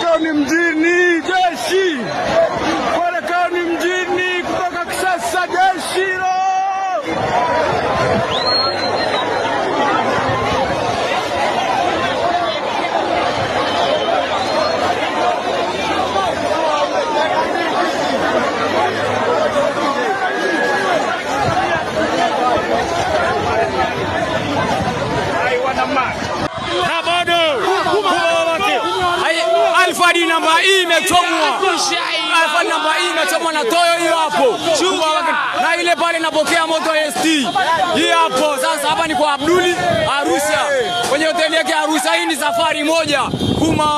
Koni mjini jeshi Koni mjini kutoka Kisasa jeshi namba hii imechomwa, alfa namba hii imechomwa na toyo hiyo hapo na ile pale inapokea moto ST hii hapo. Sasa hapa ni kwa Abduli Arusha, kwenye hoteli yake Arusha. Hii ni safari moja kuma